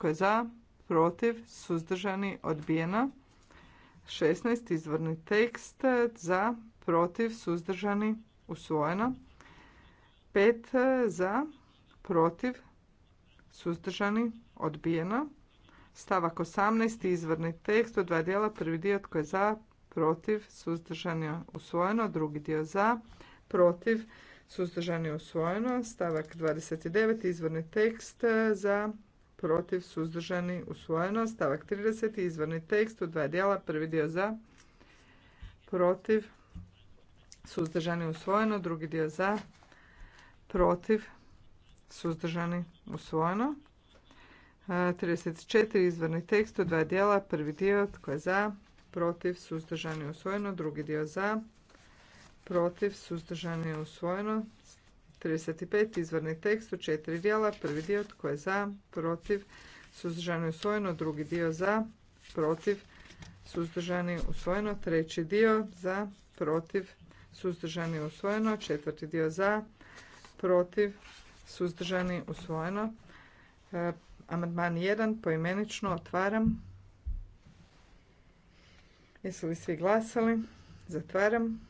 Tko je za? Protiv? Suzdržani? Odbijeno. 16. Izvorni tekst. Za? Protiv? Suzdržani? Usvojeno. 5. Za? Protiv? Suzdržani? Odbijeno. Stavak 18. Izvorni tekst od dva dijela. Prvi dio tko je za? Protiv? Suzdržani? Usvojeno. Drugi dio za? Protiv? Suzdržani? Usvojeno. Stavak 29. Izvorni tekst za? protiv, suzdržani, usvojeno. Stavak 30. Izvorni tekst u dva dijela. Prvi dio za, protiv, suzdržani, usvojeno. Drugi dio za, protiv, suzdržani, usvojeno. 34. E, izvorni tekst u dva dijela. Prvi dio tko je za, protiv, suzdržani, usvojeno. Drugi dio za, protiv, suzdržani, usvojeno. 35. Izvorni tekst u četiri dijela. Prvi dio tko je za, protiv, suzdržani usvojeno. Drugi dio za, protiv, suzdržani usvojeno. Treći dio za, protiv, suzdržani usvojeno. Četvrti dio za, protiv, suzdržani usvojeno. E, amandman 1 poimenično otvaram. Jesu li svi glasali? Zatvaram.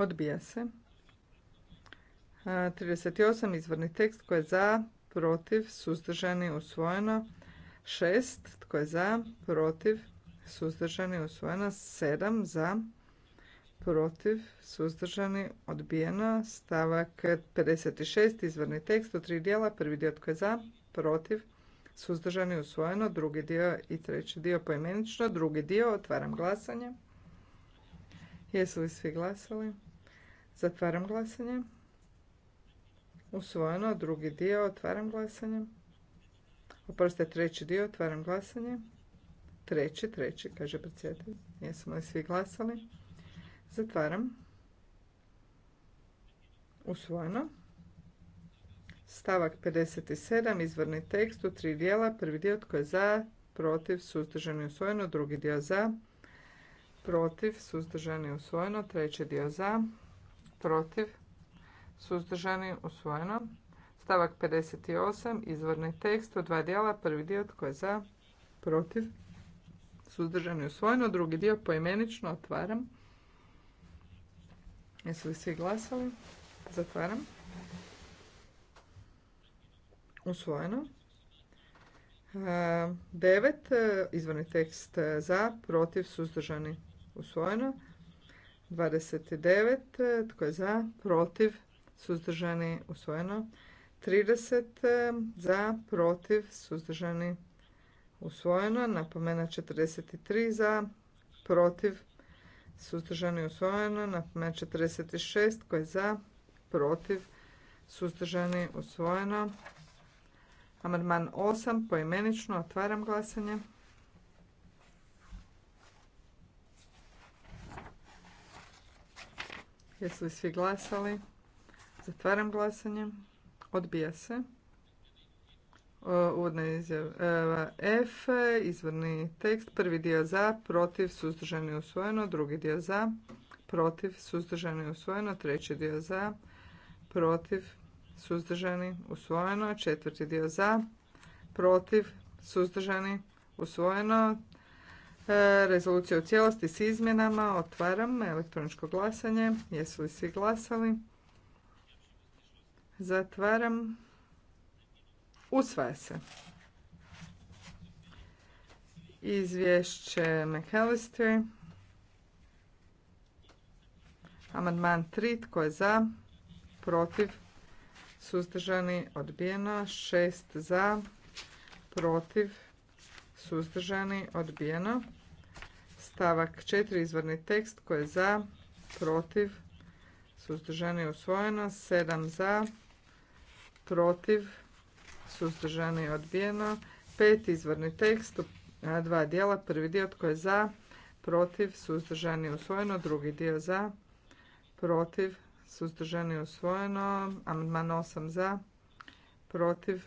Odbija se. 38. Izvorni tekst. Tko je za? Protiv. Suzdržani. Usvojeno. 6. Tko je za? Protiv. Suzdržani. Usvojeno. 7. Za. Protiv. Suzdržani. Odbijeno. Stavak 56. Izvorni tekst. U tri dijela. Prvi dio tko je za? Protiv. Suzdržani. Usvojeno. Drugi dio i treći dio poimenično. Drugi dio. Otvaram glasanje. Jesu li svi glasali? Zatvaram glasanje. Usvojeno. Drugi dio. Otvaram glasanje. Oprostite, treći dio. Otvaram glasanje. Treći, treći, kaže predsjedatelj. Jesmo li svi glasali? Zatvaram. Usvojeno. Stavak 57. Izvorni tekst u tri dijela. Prvi dio tko je za, protiv, i usvojeno. Drugi dio za, protiv, suzdržani, usvojeno. Treći dio za, protiv, suzdržani, usvojeno. Stavak 58, izvorni tekst u dva dijela, prvi dio tko je za, protiv, suzdržani, usvojeno, drugi dio poimenično otvaram. Jesu li svi glasali? Zatvaram. Usvojeno. Devet, Izvorni tekst za, protiv, suzdržani, usvojeno. 29. Tko je za? Protiv? Suzdržani? Usvojeno. 30. Za? Protiv? Suzdržani? Usvojeno. Napomena 43. Za? Protiv? Suzdržani? Usvojeno. Napomena 46. Tko je za? Protiv? Suzdržani? Usvojeno. Amandman 8. Poimenično otvaram glasanje. Jesu li svi glasali? Zatvaram glasanje. Odbija se. Uvodna izjava F, izvorni tekst, prvi dio za, protiv, suzdržani usvojeno, drugi dio za, protiv, suzdržani usvojeno, treći dio za, protiv, suzdržani usvojeno, četvrti dio za, protiv, suzdržani usvojeno, E, Rezolucija u cijelosti s izmjenama. Otvaram elektroničko glasanje. Jesu li svi glasali? Zatvaram. Usvaja se. Izvješće McAllister. Amandman 3. Tko je za? Protiv? Suzdržani? Odbijeno. 6 za? Protiv? Suzdržani? Odbijeno. Stavak 4. Izvorni tekst koji je za, protiv, suzdržani usvojeno. 7 za, protiv, suzdržani odbijeno. 5. Izvorni tekst dva dijela. Prvi dio tko je za, protiv, suzdržani usvojeno. Drugi dio za, protiv, suzdržani usvojeno. Amandman 8 za, protiv,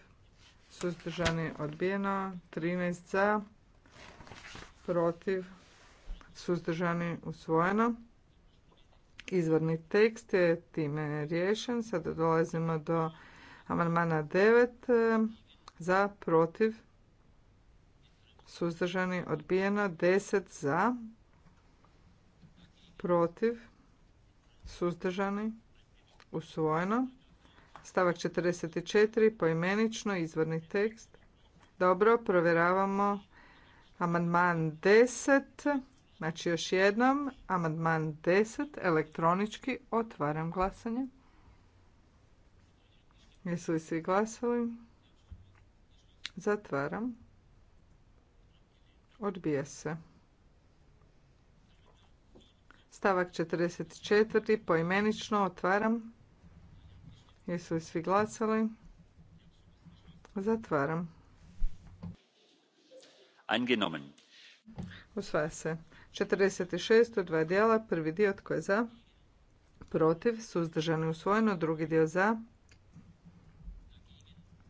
suzdržani odbijeno. 13 za, protiv, suzdržani usvojeno. Izvorni tekst je time riješen. Sada dolazimo do amandmana 9 e, za protiv suzdržani odbijeno 10 za protiv suzdržani usvojeno stavak 44 poimenično izvorni tekst dobro provjeravamo amandman 10 Znači još jednom, amandman 10, elektronički, otvaram glasanje. Jesu li svi glasali? Zatvaram. Odbija se. Stavak 44. Poimenično otvaram. Jesu li svi glasali? Zatvaram. Angenomen. Usvaja se. 46 u dva dijela, prvi dio tko je za, protiv, i usvojeno, drugi dio za,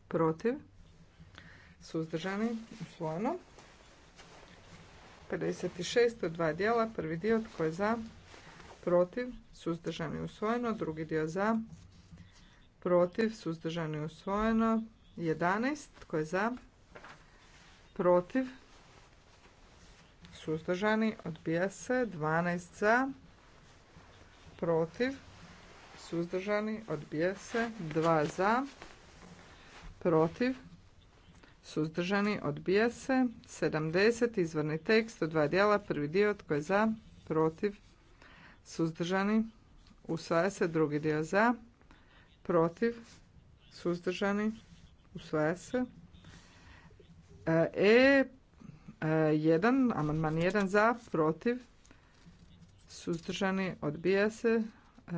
protiv, suzdržani usvojeno. 56 u dva dijela, prvi dio tko je za, protiv, suzdržani usvojeno, drugi dio za, protiv, suzdržani usvojeno, 11 tko je za, protiv, suzdržani, odbija se. 12 za, protiv, suzdržani, odbija se. 2 za, protiv, suzdržani, odbija se. 70, izvorni tekst od dva dijela, prvi dio, tko je za, protiv, suzdržani, usvaja se, drugi dio za, protiv, suzdržani, usvaja se. E, 1, amandman 1 za, protiv, suzdržani, odbija se. E,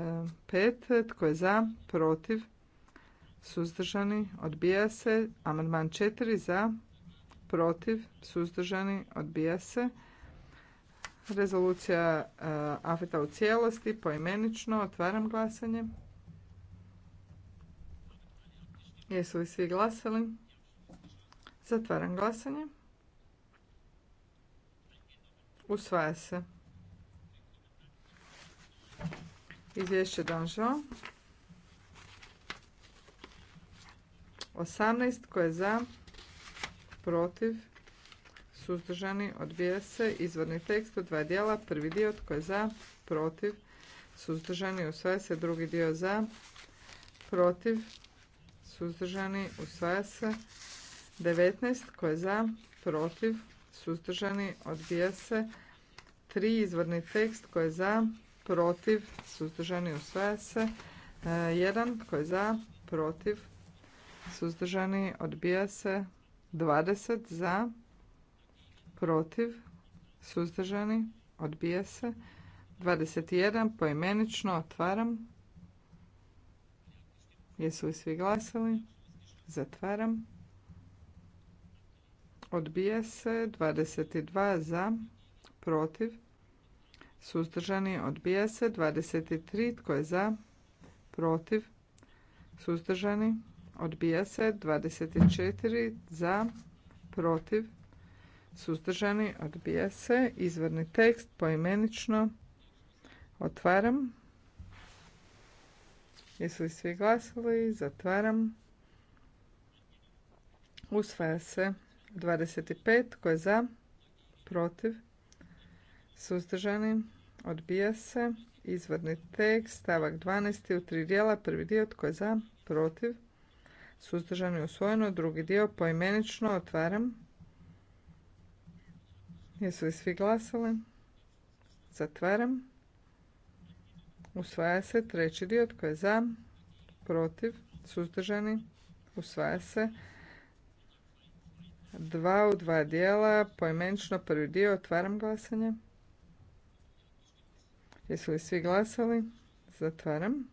pet tko je za, protiv, suzdržani, odbija se. Amandman četiri za, protiv, suzdržani, odbija se. Rezolucija e, AFETA u cijelosti, poimenično, otvaram glasanje. Jesu li svi glasali? Zatvaram glasanje. Usvaja se. Izvješće Donžo. 18. Koje je za? Protiv? Suzdržani? Odbija se. Izvorni tekst od dva dijela. Prvi dio tko je za? Protiv? Suzdržani? Usvaja se. Drugi dio za? Protiv? Suzdržani? Usvaja se. 19. Koje je za? Protiv? suzdržani, odbija se. tri izvorni tekst koji je za, protiv, suzdržani, usvaja se. E, jedan koji je za, protiv, suzdržani, odbija se. 20 za, protiv, suzdržani, odbija se. 21 poimenično otvaram. Jesu li svi glasali? Zatvaram. Odbija se 22 za, protiv, suzdržani. Odbija se 23 tko je za, protiv, suzdržani. Odbija se 24 za, protiv, suzdržani. Odbija se izvorni tekst poimenično. Otvaram. Jesu li svi glasili? Zatvaram. Usvaja se. 25. Tko je za? Protiv? Suzdržani? Odbija se. Izvodni tekst, stavak 12. u tri dijela. Prvi dio tko je za? Protiv? Suzdržani usvojeno. Drugi dio poimenično otvaram. Jesu li svi glasali? Zatvaram. Usvaja se treći dio tko je za, protiv, suzdržani, usvaja se. Dva u dva dijela, poimenično prvi dio, otvaram glasanje. Jesu li svi glasali? Zatvaram.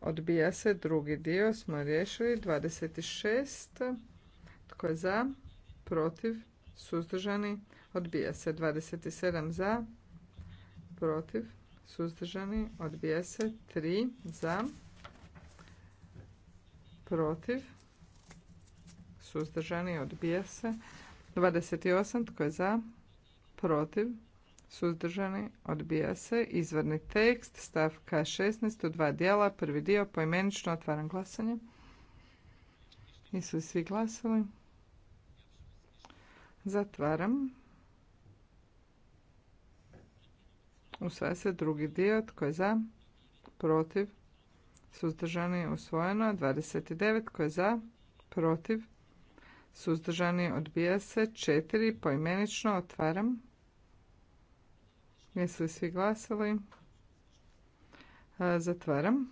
Odbija se drugi dio, smo riješili. 26. Tko je za? Protiv? Suzdržani? Odbija se. 27 za? Protiv? Suzdržani? Odbija se. 3 za? Protiv? suzdržani, odbija se. 28. Tko je za? Protiv? Suzdržani? Odbija se. Izvorni tekst, stavka 16 u dva dijela. Prvi dio poimenično otvaram glasanje. Nisu svi glasali? Zatvaram. Usvaja se drugi dio. Tko je za? Protiv? Suzdržani? Usvojeno. 29. Tko je za? Protiv? Suzdržani odbija se. četiri. poimenično otvaram. Jesu li svi glasali? E, zatvaram.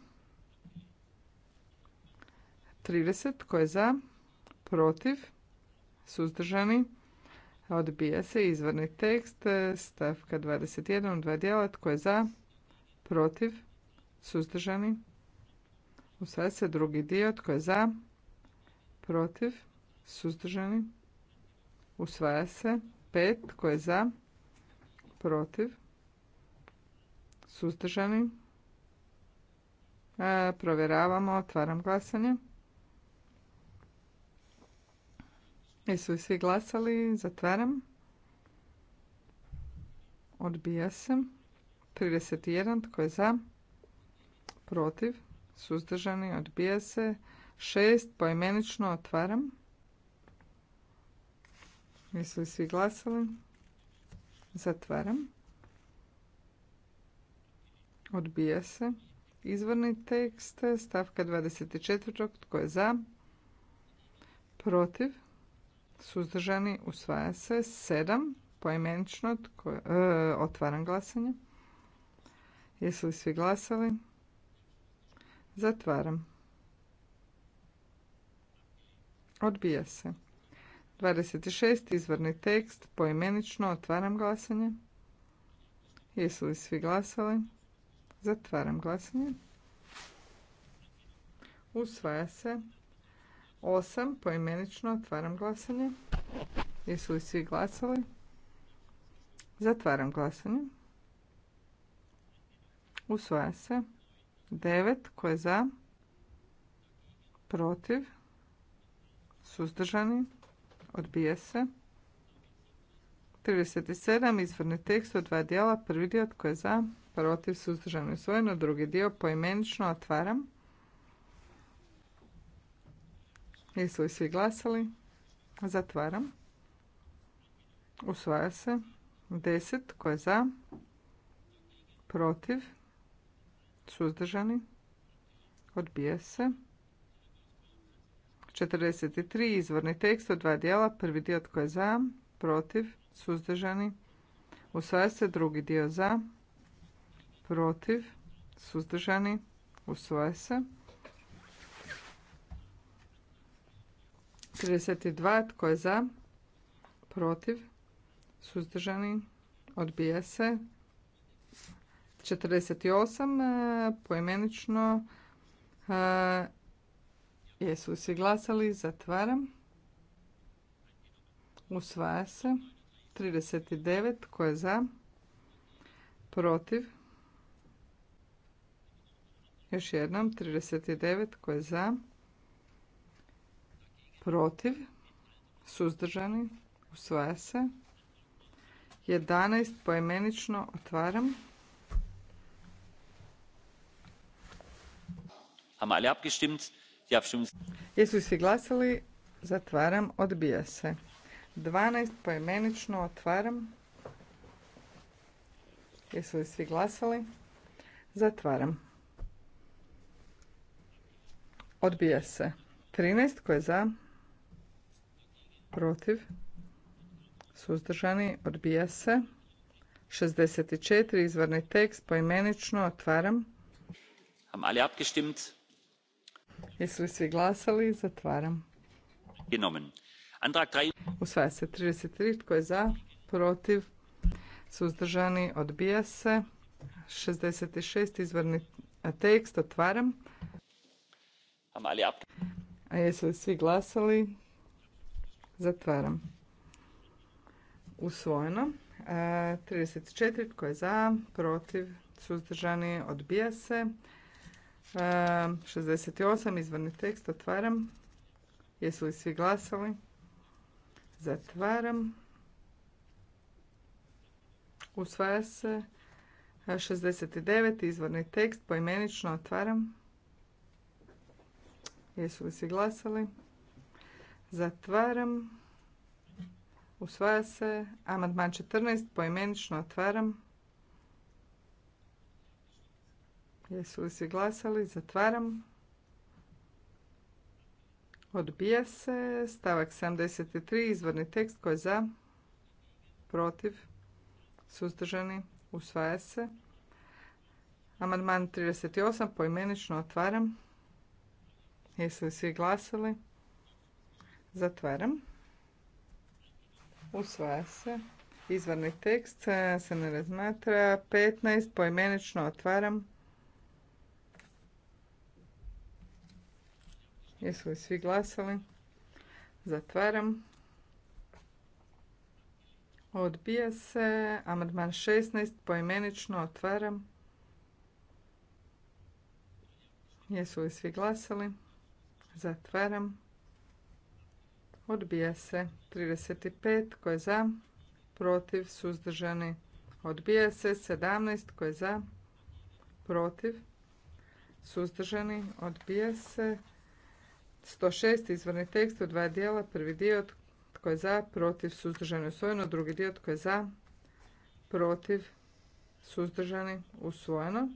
30. Tko je za? Protiv? Suzdržani? Odbija se izvorni tekst. E, stavka 21. Dva dijela. Tko je za? Protiv? Suzdržani? Usvaja se drugi dio. Tko je za? Protiv? suzdržani, usvaja se. 5 tko je za, protiv, suzdržani, e, provjeravamo, otvaram glasanje. Jesu li svi glasali? Zatvaram. Odbija se. 31. Tko je za? Protiv. Suzdržani. Odbija se. 6. Poimenično otvaram. Jesu li svi glasali? Zatvaram. Odbija se. Izvorni tekst, stavka 24. Tko je za? Protiv? Suzdržani usvaja se. Sedam. Poimenično. E, otvaram glasanje. Jesu li svi glasali? Zatvaram. Odbija se. 26. izvorni tekst, poimenično otvaram glasanje. Jesu li svi glasali? Zatvaram glasanje. Usvaja se. 8. Poimenično otvaram glasanje. Jesu li svi glasali? Zatvaram glasanje. Usvaja se. 9. Ko je za? Protiv? Suzdržani? Odbije se. 37. Izvorni tekst od dva dijela. Prvi dio tko je za, protiv, suzdržano i usvojeno. Drugi dio poimenično otvaram. Jesu li svi glasali? Zatvaram. Usvaja se. 10. Tko je za? Protiv. Suzdržani. Odbija se. 43. Izvorni tekst od dva dijela. Prvi dio tko je za, protiv, suzdržani. Usvaja se drugi dio za, protiv, suzdržani. Usvaja se. 32. Tko je za? Protiv? Suzdržani? Odbija se. 48. E, poimenično e, Jesu svi glasali? Zatvaram. Usvaja se. 39. Tko je za? Protiv. Još jednom. 39. Tko je za? Protiv. Suzdržani. Usvaja se. 11. Poimenično otvaram. Haben abgestimmt? Jesu li svi glasali? Zatvaram. Odbija se. 12 poimenično otvaram. Jesu li svi glasali? Zatvaram. Odbija se. 13 koje je za? Protiv. Suzdržani. Odbija se. 64 izvorni tekst poimenično otvaram. am alle abgestimmt? Jesu li svi glasali? Zatvaram. Usvaja se 33. Tko je za? Protiv? Suzdržani? Odbija se. 66. Izvorni tekst. Otvaram. jesu li svi glasali? Zatvaram. Usvojeno. 34. E, Tko je za? Protiv? Suzdržani? Odbija se. 68, izvrni tekst, otvaram. Jesu li svi glasali? Zatvaram. Usvaja se 69, izvorni tekst, poimenično otvaram. Jesu li svi glasali? Zatvaram. Usvaja se amandman 14, poimenično otvaram. Jesu li svi glasali? Zatvaram. Odbija se. Stavak 73. Izvorni tekst. koji je za? Protiv? Suzdržani? Usvaja se. Amandman 38. Poimenično otvaram. Jesu li svi glasali? Zatvaram. Usvaja se. Izvorni tekst eh, se ne razmatra. 15. Poimenično otvaram. Jesu li svi glasali? Zatvaram. Odbija se. Amandman 16. Poimenično otvaram. Jesu li svi glasali? Zatvaram. Odbija se. 35. Ko je za? Protiv. Suzdržani. Odbija se. 17. Ko je za? Protiv. Suzdržani. Odbija se. 106. izvorni tekst u dva dijela. Prvi dio tko je za, protiv, suzdržani, usvojeno. Drugi dio tko je za, protiv, suzdržani, usvojeno.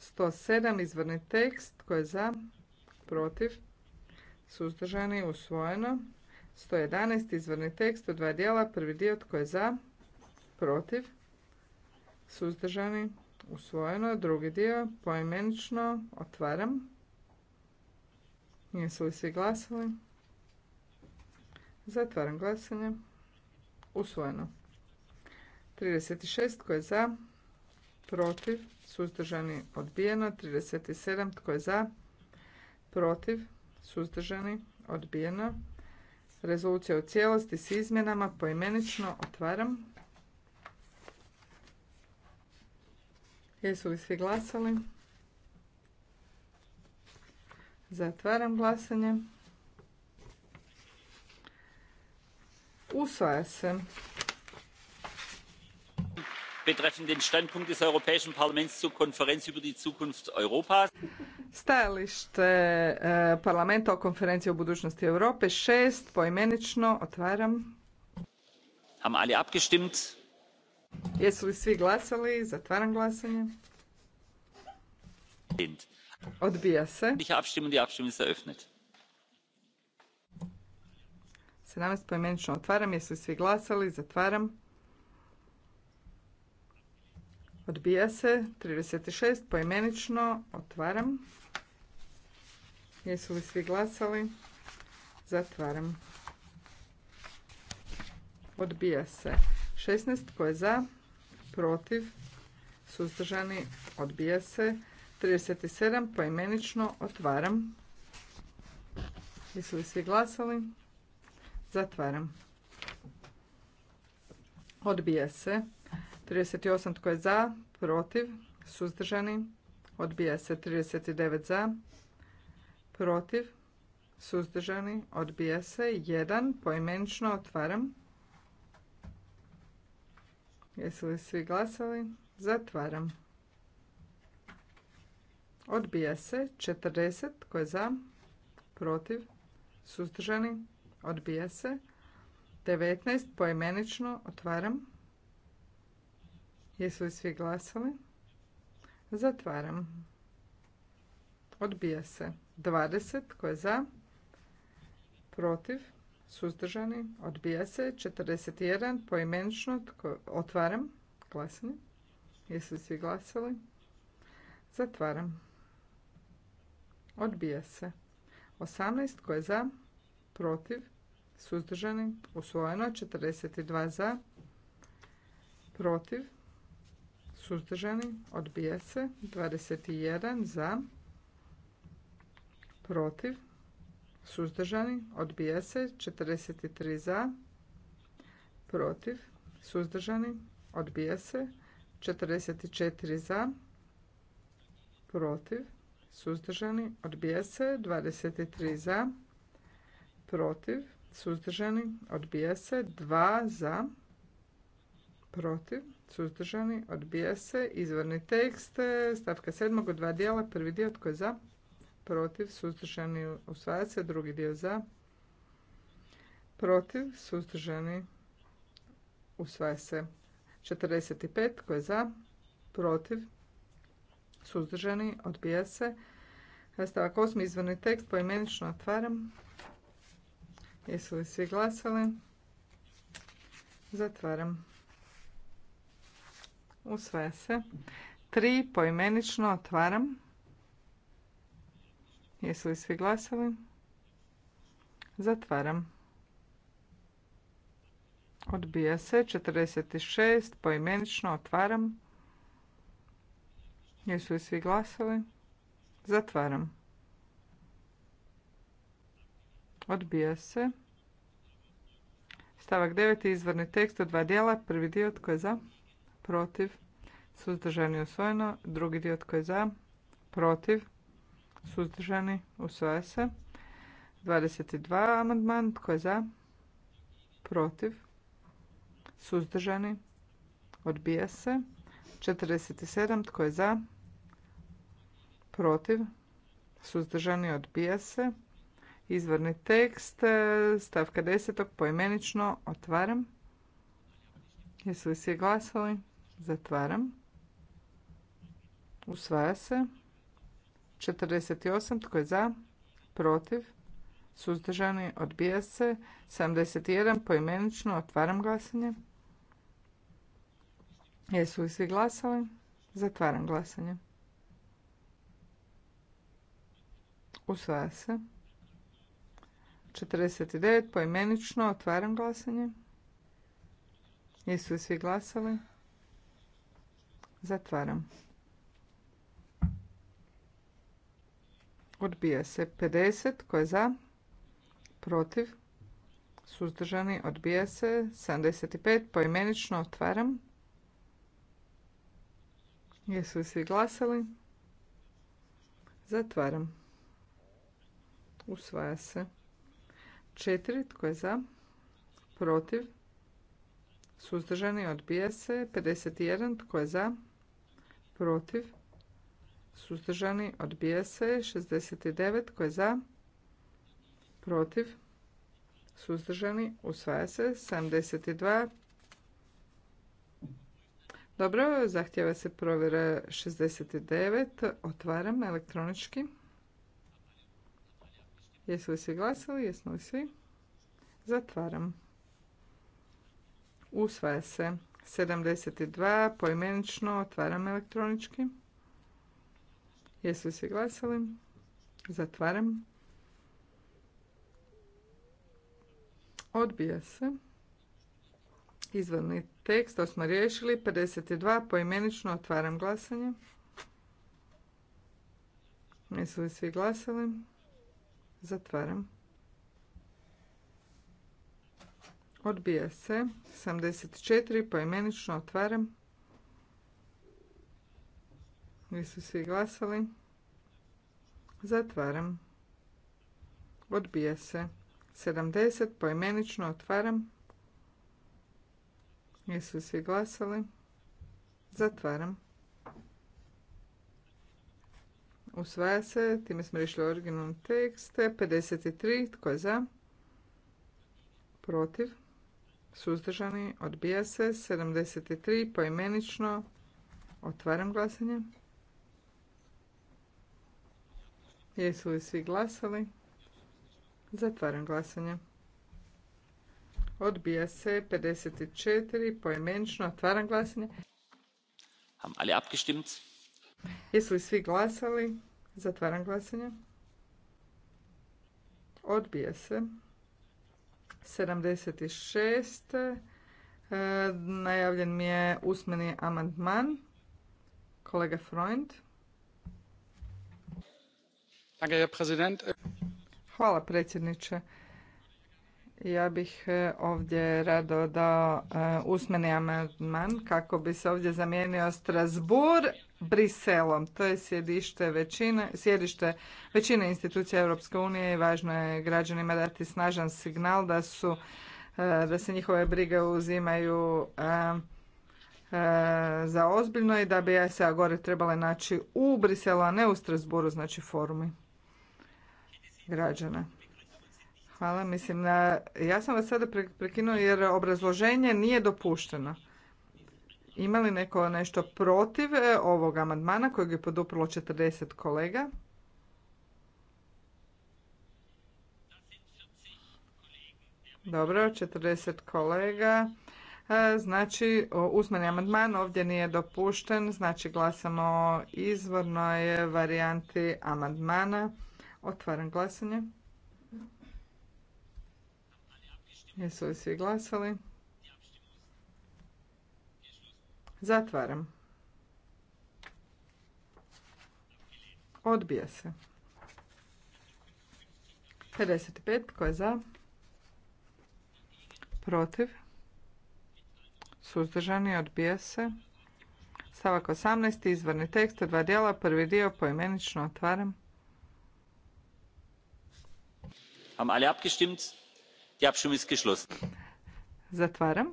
107. izvorni tekst tko je za, protiv, suzdržani, usvojeno. 111. izvorni tekst u dva dijela. Prvi dio tko je za, protiv, suzdržani, usvojeno. Drugi dio poimenično otvaram. Jesu li svi glasali? Zatvaram glasanje. Usvojeno. 36. Tko je za? Protiv. Suzdržani. Odbijeno. 37. Tko je za? Protiv. Suzdržani. Odbijeno. Rezolucija u cijelosti s izmjenama poimenično otvaram. Jesu li svi glasali? Zatvaram glasanje. Usvaja se. Betreffend den Standpunkt des Europäischen Parlaments zur Konferenz über die Zukunft Europas. Stajalište eh, parlamenta o konferenciji o budućnosti Europe šest poimenično otvaram. Haben alle abgestimmt? Jesu li svi glasali? Zatvaram glasanje. Odbija se. 17 pojmenično otvaram. Jesu svi glasali? Zatvaram. Odbija se. 36 poimenično otvaram. Jesu li svi glasali? Zatvaram. Odbija se. 16 tko je za? Protiv? Suzdržani? Odbija se. 37 poimenično otvaram. Jesu li svi glasali? Zatvaram. Odbija se. 38 tko je za, protiv, suzdržani. Odbija se 39 za, protiv, suzdržani. Odbija se 1 poimenično otvaram. Jesu li svi glasali? Zatvaram. Odbija se 40 tko je za, protiv, suzdržani, odbija se. 19 poimenično otvaram. Jesu li svi glasali? Zatvaram. Odbija se 20 tko je za, protiv, suzdržani, odbija se 41 poimenično otvaram glasanje. Jesu li svi glasali? Zatvaram. Odbija se. 18 koje za? Protiv? Suzdržani? Usvojeno. 42 za? Protiv? Suzdržani? Odbija se. 21 za? Protiv? Suzdržani? Odbija se. 43 za? Protiv? Suzdržani? Odbija se. 44 za? Protiv? suzdržani, odbija se. 23 za, protiv, suzdržani, odbija se. 2 za, protiv, suzdržani, odbija se. Izvorni tekst, e, stavka 7. od dva dijela, prvi dio tko je za, protiv, suzdržani, usvaja se, drugi dio za, protiv, suzdržani, usvaja se. 45 tko je za, protiv, suzdržani, odbija se. Stavak 8. Izvrni tekst poimenično otvaram. Jesu li svi glasali? Zatvaram. Usvaja se. 3. Poimenično otvaram. Jesu li svi glasali? Zatvaram. Odbija se. 46. Poimenično otvaram. Jesu li svi glasali? Zatvaram. Odbija se. Stavak 9. Izvorni tekst od dva dijela. Prvi dio tko je za? Protiv. Suzdržani usvojeno. Drugi dio tko je za? Protiv. Suzdržani usvoje se. 22. Amandman tko je za? Protiv. Suzdržani. Odbija se. 47. Tko je za? Protiv? Suzdržani odbija se. Izvorni tekst, e, stavka 10. poimenično otvaram. Jesu li svi glasali? Zatvaram. Usvaja se. 48. Tko je za? Protiv? Suzdržani odbija se. 71. Poimenično otvaram glasanje. Jesu li svi glasali? Zatvaram glasanje. Usvaja se. 49 poimenično otvaram glasanje. Jesu li svi glasali? Zatvaram. Odbija se 50 koje je za? Protiv? Suzdržani odbija se 75 poimenično otvaram. Jesu li svi glasali? Zatvaram. Usvaja se. Četiri. Tko je za? Protiv? Suzdržani odbija se. 51. Tko je za? Protiv? Suzdržani odbija se. 69. Tko je za? Protiv? Suzdržani usvaja se. 72. Dobro, zahtjeva se provjera 69. Otvaram elektronički. Jesu li svi glasali? Jesmo li svi? Zatvaram. Usvaja se. 72. Poimenično otvaram elektronički. Jesu li svi glasali? Zatvaram. Odbija se. Izvorni tekst, to smo riješili. 52 poimenično otvaram glasanje. Nisu li svi glasali? Zatvaram. Odbija se. 74 poimenično otvaram. Jesu svi glasali? Zatvaram. Odbija se. 70 poimenično otvaram. Jesu svi glasali? Zatvaram. Usvaja se, time smo rišli originalni tekst. 53, tko je za? Protiv. Suzdržani, odbija se. 73, poimenično. Otvaram glasanje. Jesu li svi glasali? Zatvaram glasanje. Odbija se 54 poimenično. Otvaram glasanje. Haben ali abgestimmt? Jesu li svi glasali? Zatvaram glasanje. Odbija se. 76. E, najavljen mi je usmeni amandman. Kolega Freund. Hvala predsjedniče. Ja bih e, ovdje rado dao e, usmeni amandman kako bi se ovdje zamijenio Strasbourg Briselom. To je sjedište većine, sjedište većine institucija Europske unije i važno je građanima dati snažan signal da su e, da se njihove brige uzimaju za ozbiljno i da bi se Gore trebale naći u Briselu, a ne u Strasburu, znači forumi građana. Hvala, mislim, na, ja sam vas sada prekinuo jer obrazloženje nije dopušteno. Ima li neko nešto protiv e, ovog amandmana kojeg je poduprlo 40 kolega? Dobro, 40 kolega. E, znači, uzmeni amandman ovdje nije dopušten, znači glasamo izvornoj varijanti amandmana. Otvaram glasanje. Jesu li svi glasali? Zatvaram. Odbija se. 55. Tko je za? Protiv? Suzdržani? Odbija se. Stavak 18. Izvorni tekst. Dva dijela. Prvi dio poimenično otvaram. Haben alle abgestimmt? Zatvaram.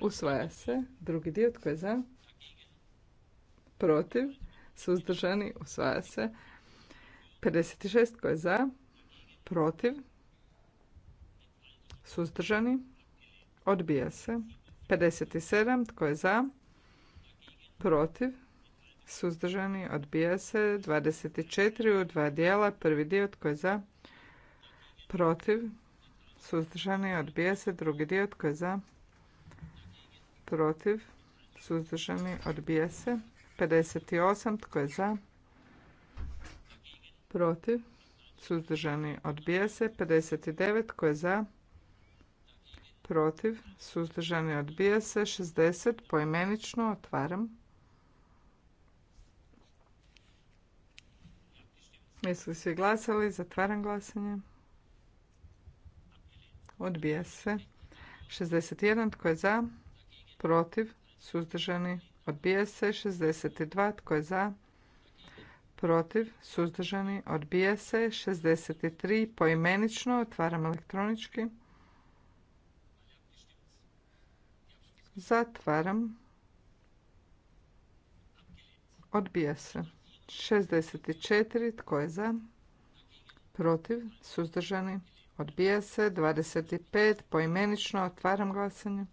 Usvaja se. Drugi dio tko je za? Protiv. Suzdržani. Usvaja se. 56 tko je za? Protiv. Suzdržani. Odbija se. 57 tko je za? Protiv. Suzdržani. Odbija se. 24 u dva dijela. Prvi dio tko je za? Protiv suzdržani, odbija se. Drugi dio, tko je za? Protiv, suzdržani, odbija se. 58, tko je za? Protiv, suzdržani, odbija se. 59, tko je za? Protiv, suzdržani, odbija se. 60, poimenično, otvaram. Jesu smo svi glasali? Zatvaram glasanje odbija se. 61 tko je za, protiv, suzdržani, odbija se. 62 tko je za, protiv, suzdržani, odbija se. 63 poimenično, otvaram elektronički. Zatvaram. Odbija se. 64 tko je za, protiv, suzdržani, Odbija se. 25. Poimenično otvaram glasanje.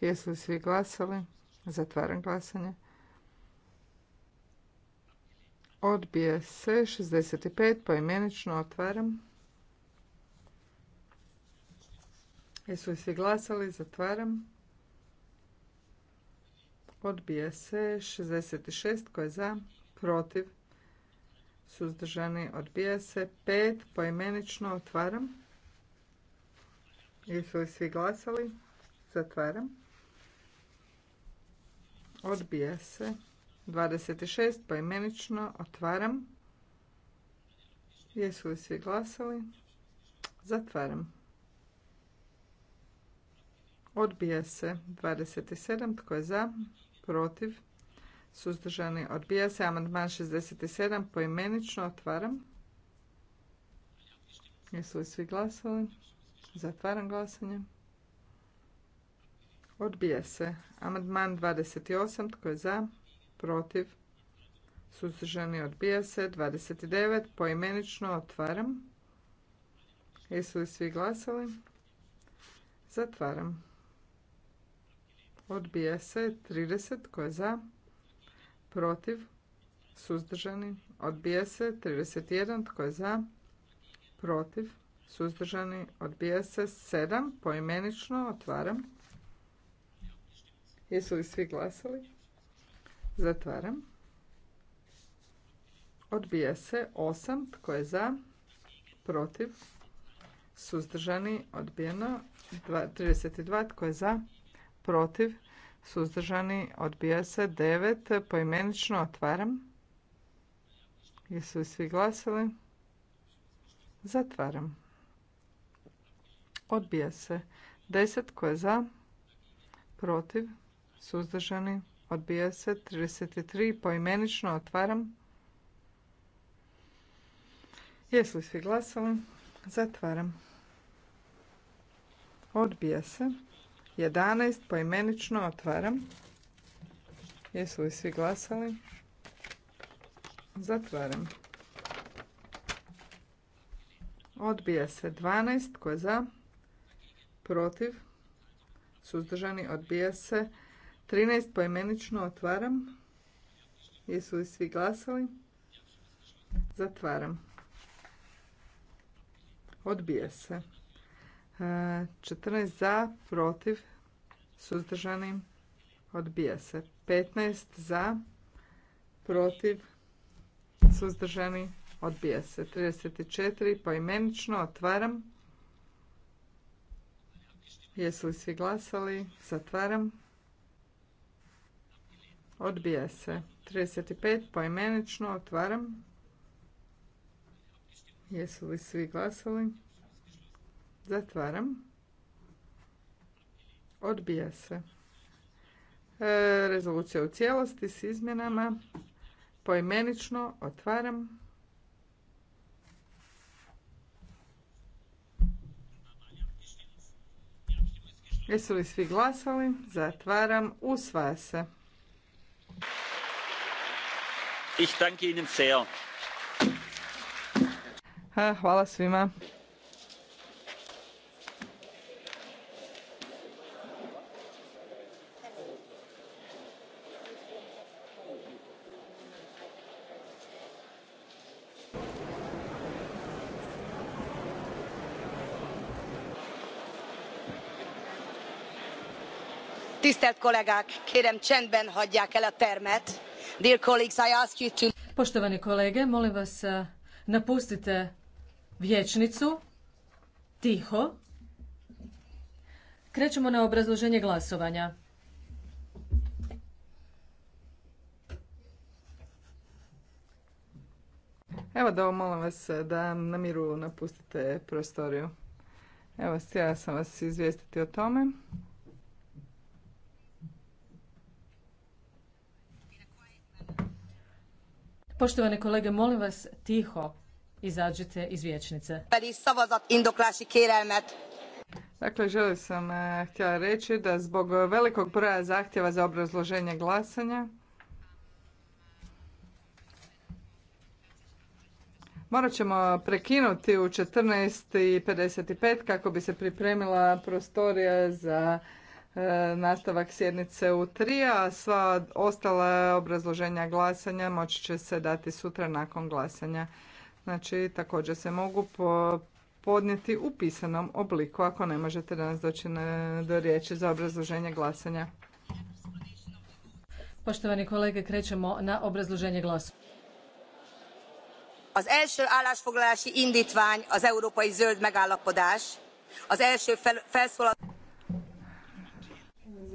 Jesu li svi glasali? Zatvaram glasanje. Odbija se. 65. Poimenično otvaram. Jesu li svi glasali? Zatvaram. Odbija se. 66. Ko je za? Protiv? suzdržani, odbija se. 5 poimenično otvaram. Jesu li svi glasali? Zatvaram. Odbija se. 26 poimenično otvaram. Jesu li svi glasali? Zatvaram. Odbija se. 27. Tko je za? Protiv? suzdržani, odbija se. Amandman 67 poimenično otvaram. Jesu li svi glasali? Zatvaram glasanje. Odbija se. Amandman 28. Tko je za? Protiv? Suzdržani odbija se. 29. Poimenično otvaram. Jesu li svi glasali? Zatvaram. Odbija se. 30. Tko je za? protiv, suzdržani, odbije se. 31 tko je za, protiv, suzdržani, odbije se. 7 poimenično otvaram. Jesu li svi glasali? Zatvaram. Odbija se 8. Tko je za? Protiv? Suzdržani? Odbijeno. 32. Tko je za? Protiv? suzdržani, odbija se. Devet poimenično otvaram. Jesu li svi glasali? Zatvaram. Odbija se. Deset tko je za? Protiv? Suzdržani? Odbija se. 33 poimenično otvaram. Jesu li svi glasali? Zatvaram. Odbija se. 11 poimenično otvaram. Jesu li svi glasali? Zatvaram. Odbija se 12 tko je za? Protiv? Suzdržani odbija se 13 poimenično otvaram. Jesu li svi glasali? Zatvaram. Odbija se. 14 e, za, protiv, suzdržani, odbija se. 15 za, protiv, suzdržani, odbija se. 34 poimenično otvaram. Jesu li svi glasali? Zatvaram. Odbija se. 35 poimenično otvaram. Jesu li svi glasali? Zatvaram. Odbija se. E, rezolucija u cijelosti s izmjenama. Poimenično otvaram. Jesu li svi glasali? Zatvaram. Usvaja se. Ich danke Ihnen sehr. Hvala svima. Tisztelt kollégák, kérem csendben hagyják el a termet. Poštovani kolege, molim vas eh, napustite vječnicu tiho. Krećemo na obrazloženje glasovanja. Evo da molim vas eh, da na miru napustite prostoriju. Evo, htjela sam vas izvijestiti o tome. Poštovane kolege, molim vas tiho izađite iz vječnice. Dakle, želim sam e, htjela reći da zbog velikog broja zahtjeva za obrazloženje glasanja Morat ćemo prekinuti u 14.55 kako bi se pripremila prostorija za E, nastavak sjednice u tri, a sva ostala obrazloženja glasanja moći će se dati sutra nakon glasanja. Znači, također se mogu podnijeti u pisanom obliku ako ne možete danas doći do riječi za obrazloženje glasanja. Poštovani kolege, krećemo na obrazloženje glasu. Az első állásfoglalási indítvány az európai zöld megállapodás. Az első felszólalás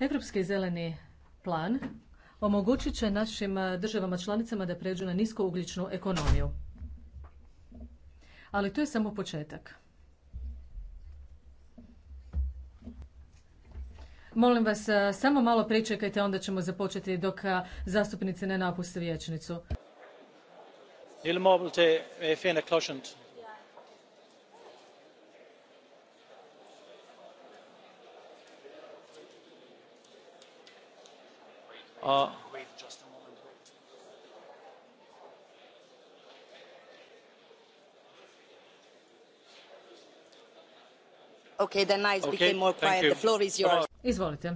Europski zeleni plan omogućit će našim eh, državama članicama da pređu na niskougljičnu ekonomiju. Ali to je samo početak. Molim vas, eh, samo malo pričekajte, onda ćemo započeti dok eh, zastupnici ne napuste vijećnicu. Izvolite.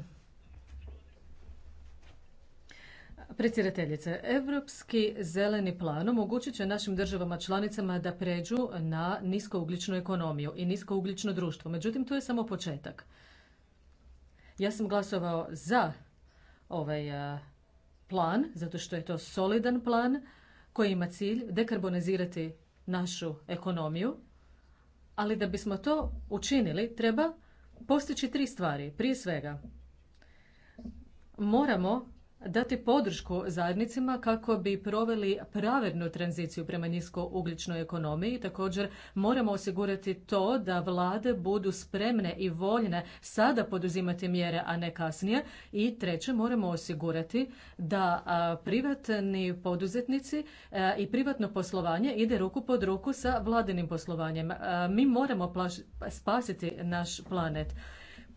Predsjedateljice, Europski zeleni plan omogućit će našim državama članicama da pređu na niskougličnu ekonomiju i niskouglično društvo. Međutim, to je samo početak. Ja sam glasovao za ovaj plan, zato što je to solidan plan koji ima cilj dekarbonizirati našu ekonomiju, ali da bismo to učinili treba postići tri stvari. Prije svega, moramo dati podršku zajednicima kako bi proveli pravednu tranziciju prema niskougljičnoj ekonomiji. Također moramo osigurati to da vlade budu spremne i voljne sada poduzimati mjere, a ne kasnije. I treće, moramo osigurati da privatni poduzetnici i privatno poslovanje ide ruku pod ruku sa vladinim poslovanjem. Mi moramo spasiti naš planet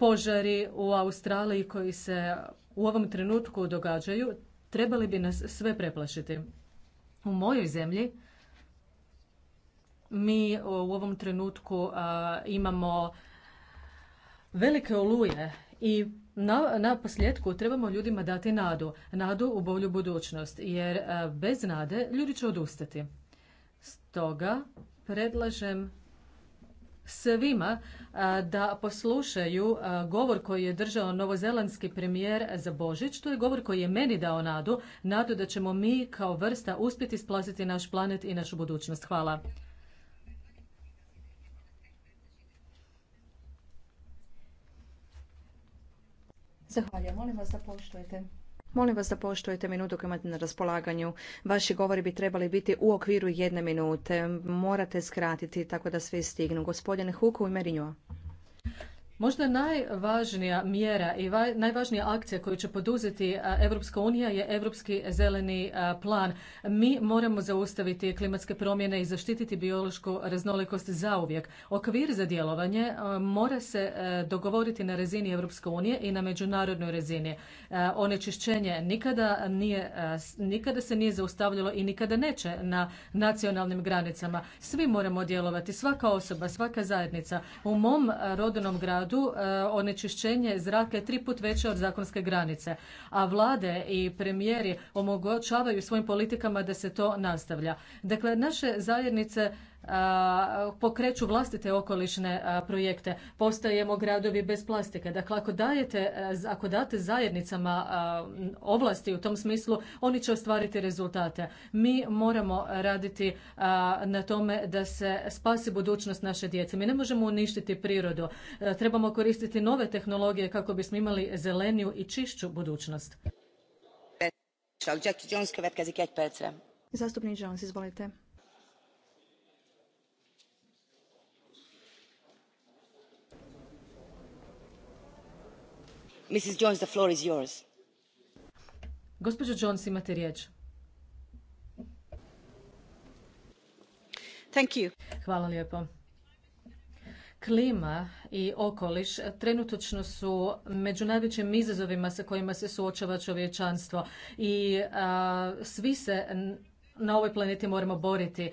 požari u Australiji koji se u ovom trenutku događaju trebali bi nas sve preplašiti. U mojoj zemlji mi u ovom trenutku imamo velike oluje i na, posljedku trebamo ljudima dati nadu, nadu u bolju budućnost, jer bez nade ljudi će odustati. Stoga predlažem svima da poslušaju govor koji je držao novozelandski premijer za Božić. To je govor koji je meni dao nadu, nadu da ćemo mi kao vrsta uspjeti splasiti naš planet i našu budućnost. Hvala. Zahvaljujem. Molim vas da poštujete Molim vas da poštujete minutu koju imate na raspolaganju. Vaši govori bi trebali biti u okviru jedne minute. Morate skratiti tako da svi stignu. Gospodin Huku i Merinjoa. Možda najvažnija mjera i najvažnija akcija koju će poduzeti Europska unija je Europski zeleni plan. Mi moramo zaustaviti klimatske promjene i zaštititi biološku raznolikost zauvijek. Okvir za djelovanje mora se dogovoriti na razini Europske unije i na međunarodnoj razini. Onečišćenje nikada, nije, nikada se nije zaustavljalo i nikada neće na nacionalnim granicama. Svi moramo djelovati, svaka osoba, svaka zajednica. U mom rodnom gradu gradu e, onečišćenje zrake je tri put veće od zakonske granice, a vlade i premijeri omogućavaju svojim politikama da se to nastavlja. Dakle, naše zajednice pokreću vlastite okolišne projekte. Postajemo gradovi bez plastike. Dakle, ako, dajete, ako date zajednicama ovlasti u tom smislu, oni će ostvariti rezultate. Mi moramo raditi na tome da se spasi budućnost naše djece. Mi ne možemo uništiti prirodu. Trebamo koristiti nove tehnologije kako bismo imali zeleniju i čišću budućnost. Zastupnik Jones, izvolite. Mrs. Jones, the floor is yours. Gospođo Jones, imate riječ. Thank you. Hvala lijepo. Klima i okoliš trenutočno su među najvećim izazovima sa kojima se suočava čovječanstvo i svi se na ovoj planeti moramo boriti e,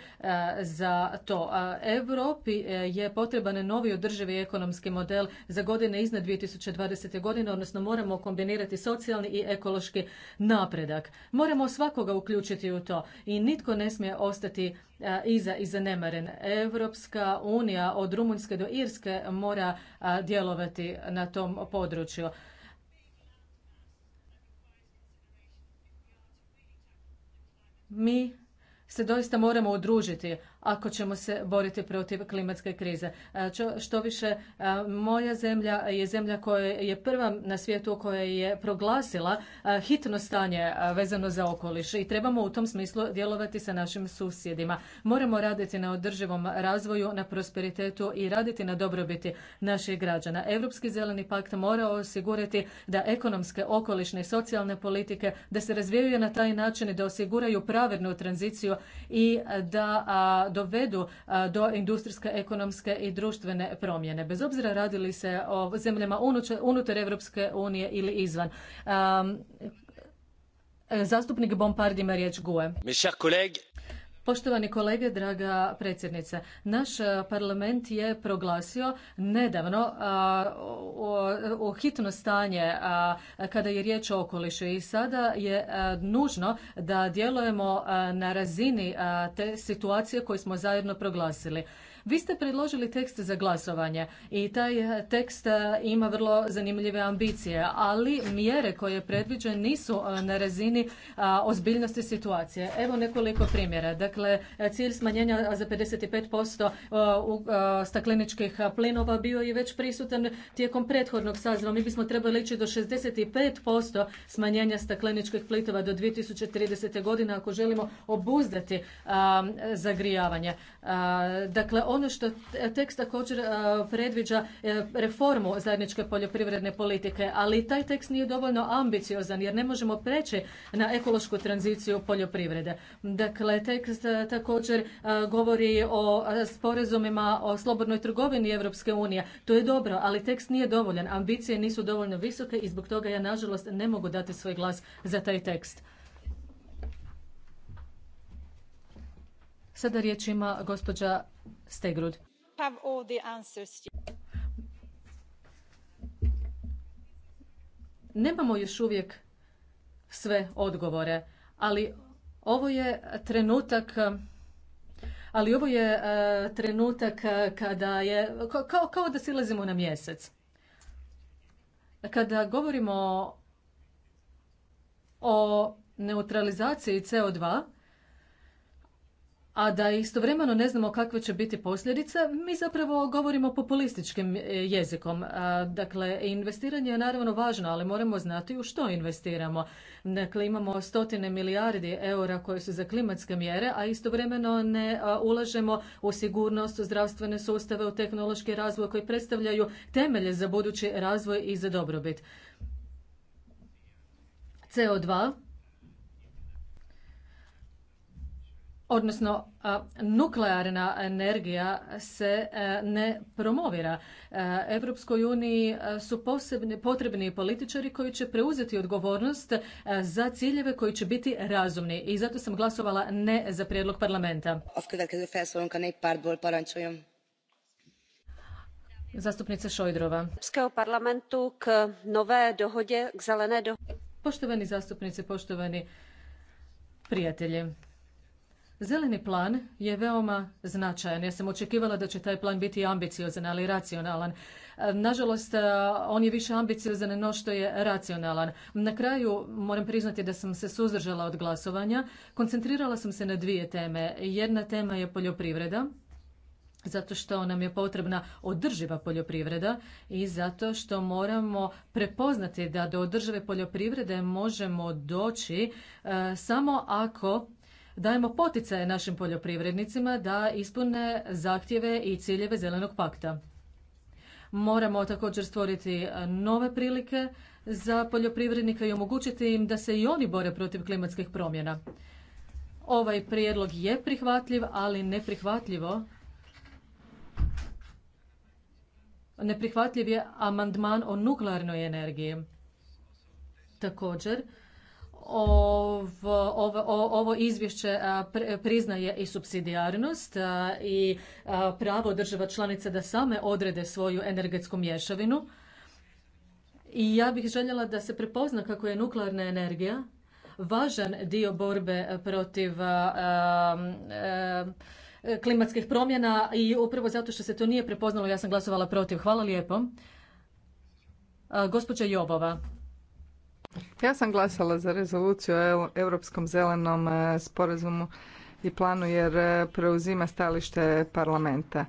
za to. Europi e, je potreban novi održivi ekonomski model za godine iznad 2020. godine, odnosno moramo kombinirati socijalni i ekološki napredak. Moramo svakoga uključiti u to i nitko ne smije ostati e, iza i zanemaren. Europska unija od Rumunjske do Irske mora djelovati na tom području. mi se doista moramo udružiti ako ćemo se boriti protiv klimatske krize. E, Što više, e, moja zemlja je zemlja koja je prva na svijetu koja je proglasila e, hitno stanje vezano za okoliš i trebamo u tom smislu djelovati sa našim susjedima. Moramo raditi na održivom razvoju, na prosperitetu i raditi na dobrobiti naših građana. Europski zeleni pakt mora osigurati da ekonomske, okolišne i socijalne politike da se razvijaju na taj način i da osiguraju pravednu tranziciju i da dovedu do industrijske, ekonomske i društvene promjene. Bez obzira radili se o zemljama unutar Europske unije ili izvan. E, zastupnik Bompard ima riječ Gue. Mes chers Poštovani kolege, draga predsjednice, naš e, parlament je proglasio nedavno o hitno stanje kada je riječ o okolišu i sada je e, nužno da djelujemo e, na razini te situacije koju smo zajedno proglasili. Vi ste predložili tekst za glasovanje i taj eh, tekst eh, ima vrlo zanimljive ambicije, ali mjere koje predviđene nisu eh, na razini ozbiljnosti situacije. Evo nekoliko primjera. Dakle, cilj smanjenja za 55% stakleničkih plinova bio je već prisutan tijekom prethodnog saziva. Mi bismo trebali ići do 65% smanjenja stakleničkih plitova do 2030. godine ako želimo obuzdati zagrijavanje. Dakle, ono što tekst također predviđa e, reformu zajedničke poljoprivredne politike, ali taj tekst nije dovoljno ambiciozan jer ne možemo preći na ekološku tranziciju poljoprivrede. Dakle, tekst e, također govori o sporazumima o slobodnoj trgovini Europske unije. To je dobro, ali tekst nije dovoljan. Ambicije nisu dovoljno visoke i zbog toga ja nažalost ne mogu dati svoj glas za taj tekst. Sada riječ ima gospođa Stegrud. Nemamo još uvijek sve odgovore, ali ovo je trenutak ali ovo je e, trenutak e, kada je kao, kao da silazimo na mjesec. Kada govorimo o neutralizaciji CO2, a da istovremeno ne znamo kakve će biti posljedice, mi zapravo govorimo populističkim e, jezikom. Dakle, investiranje je naravno važno, ali moramo znati u što investiramo. Dakle, imamo stotine milijardi eura koje su za klimatske mjere, a istovremeno ne ulažemo u sigurnost, u zdravstvene sustave, u tehnološki razvoj koji predstavljaju temelje za budući razvoj i za dobrobit. CO2 odnosno nuklearna energija se e, ne promovira. Europskoj uniji e, su posebni, potrebni političari koji će preuzeti odgovornost e, za ciljeve koji će biti razumni i zato sam glasovala ne za prijedlog parlamenta. Zastupnica Šojdrova. parlamentu k nove dohodje, k Poštovani zastupnici, poštovani prijatelji. Zeleni plan je veoma značajan. Ja sam očekivala da će taj plan biti ambiciozan, ali racionalan. E, nažalost, e, on je više ambiciozan no što je racionalan. Na kraju moram priznati da sam se suzdržala od glasovanja. Koncentrirala sam se na dvije teme. Jedna tema je poljoprivreda, zato što nam je potrebna održiva poljoprivreda i zato što moramo prepoznati da do održive poljoprivrede možemo doći e, samo ako dajemo poticaje našim poljoprivrednicima da ispune zahtjeve i ciljeve Zelenog pakta. Moramo također stvoriti e, nove prilike za poljoprivrednike i omogućiti im da se i oni bore protiv klimatskih promjena. Ovaj prijedlog je prihvatljiv, ali neprihvatljivo Neprihvatljiv je amandman o nuklearnoj energiji. Također, ovo, izvješće priznaje i subsidijarnost i pravo država članica da same odrede svoju energetsku mješavinu. I ja bih željela da se prepozna kako je nuklearna energija važan dio borbe protiv klimatskih promjena i upravo zato što se to nije prepoznalo ja sam glasovala protiv. Hvala lijepo. Gospođa Jobova. Ja sam glasala za rezoluciju o Europskom zelenom e, sporazumu i planu jer e, preuzima stalište parlamenta.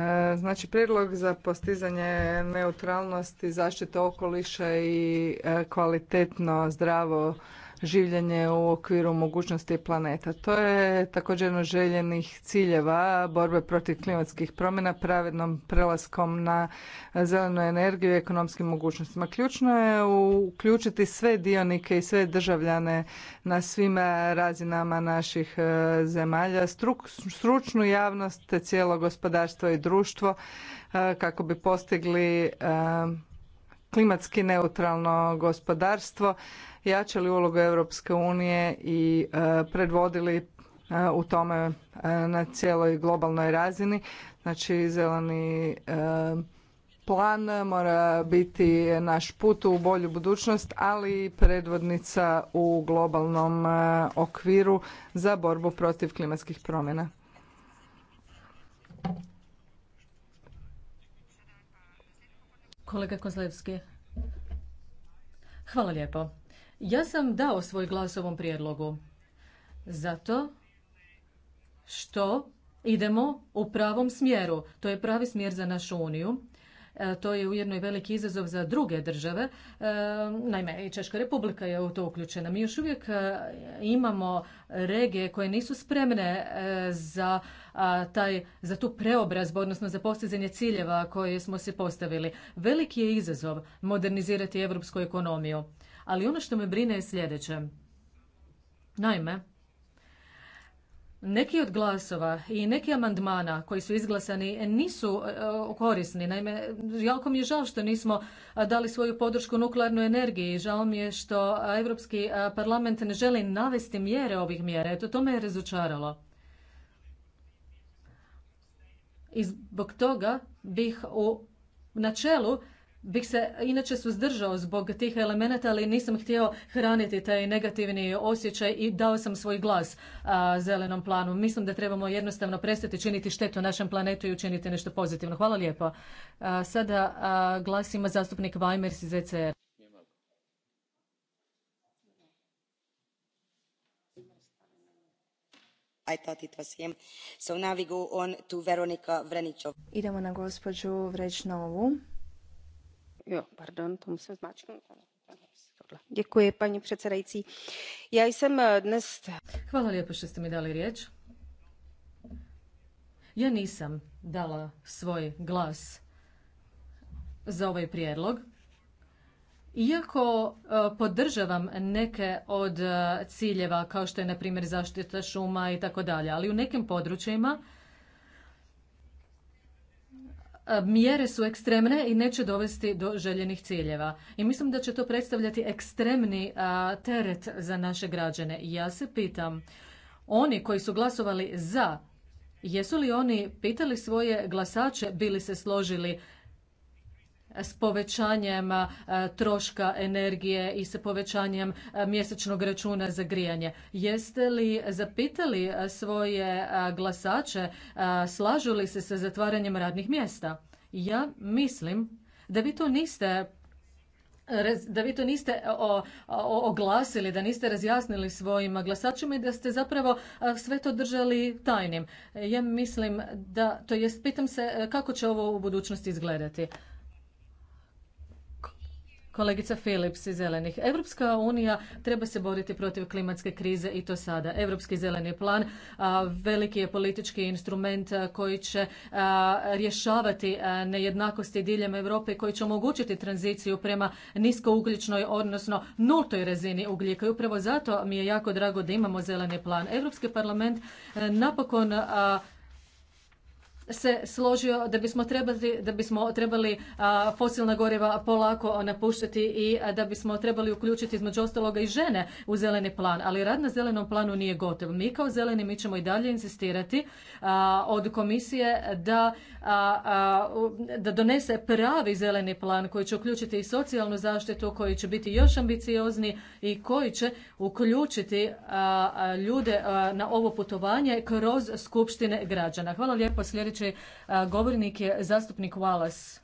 E, znači, prijedlog za postizanje neutralnosti, zaštite okoliša i kvalitetno, zdravo življenje u okviru mogućnosti planeta. To je također jedno željenih ciljeva borbe protiv klimatskih promjena pravednom prelaskom na zelenu energiju i ekonomskim mogućnostima. Ključno je uključiti sve dionike i sve državljane na svim razinama naših e, zemalja, stručnu javnost, te cijelo gospodarstvo i društvo e, kako bi postigli e, klimatski neutralno gospodarstvo, jačali ulogu Europske unije i e, predvodili e, u tome e, na cijeloj globalnoj razini. Znači zeleni plan mora biti naš put u bolju budućnost, ali i predvodnica u globalnom okviru za borbu protiv klimatskih promjena. Kolega Kozlevski. Hvala lijepo. Ja sam dao svoj glas ovom prijedlogu. Zato što idemo u pravom smjeru. To je pravi smjer za našu uniju. E, to je ujedno i veliki izazov za druge države. E, naime, i Češka republika je u to uključena. Mi još uvijek e, imamo regije koje nisu spremne za a, taj, za tu preobrazbu, odnosno za postizanje ciljeva koje smo si postavili. Veliki je izazov modernizirati europsku ekonomiju. Ali ono što me brine je sljedeće. Naime, neki od glasova i neki amandmana koji su izglasani nisu e, korisni. Naime, jako mi je žao što nismo dali svoju podršku nuklearnoj energiji. Žao mi je što Europski parlament ne želi navesti mjere ovih mjera. Eto, to me je razočaralo. I zbog toga bih u načelu bih se inače suzdržao zbog tih elemenata, ali nisam htio hraniti taj negativni osjećaj i dao sam svoj glas zelenom planu. Mislim da trebamo jednostavno prestati činiti štetu našem planetu i učiniti nešto pozitivno. Hvala lijepo. sada glas ima zastupnik Weimers iz ECR. I thought it was him. So now on to Veronika Vrenićov. Idemo na gospođu Vrečnovu. Jo, pardon, to musím zmačknout. Děkuji, paní předsedající. Já jsem eh, dnes... Hvala lijepo što ste mi dali riječ. Ja nisam dala svoj glas za ovaj prijedlog iako e, podržavam neke od e, ciljeva kao što je na primjer zaštita šuma i tako dalje, ali u nekim područjima e, mjere su ekstremne i neće dovesti do željenih ciljeva. I mislim da će to predstavljati ekstremni teret za naše građane. I ja se pitam, oni koji su glasovali za, jesu li oni pitali svoje glasače, bili se složili s povećanjem e, troška energije i s povećanjem e, mjesečnog računa za grijanje. Jeste li zapitali e, svoje glasače slažu li se sa zatvaranjem radnih mjesta? Ja mislim da vi to niste da vi to niste oglasili, da niste razjasnili svojim glasačima i da ste zapravo sve to držali tajnim. Ja mislim da, to jest, pitam se kako će ovo u budućnosti izgledati. Kolegica Philips iz Zelenih. Evropska unija treba se boriti protiv klimatske krize i to sada. Europski zeleni plan veliki je politički instrument koji će rješavati nejednakosti diljem Europe koji će omogućiti tranziciju prema niskougljičnoj, odnosno nultoj razini ugljika. I upravo zato mi je jako drago da imamo zeleni plan. Europski parlament napokon se složio da bismo trebali, da bismo trebali fosilna goriva polako napuštati i da bismo trebali uključiti između ostaloga i žene u zeleni plan, ali rad na zelenom planu nije gotov. Mi kao zeleni mi ćemo i dalje insistirati od komisije da, da donese pravi zeleni plan koji će uključiti i socijalnu zaštitu, koji će biti još ambiciozni i koji će uključiti ljude na ovo putovanje kroz skupštine građana. Hvala lijepo. Sljedeći Znači, e, govornik je zastupnik Wallace.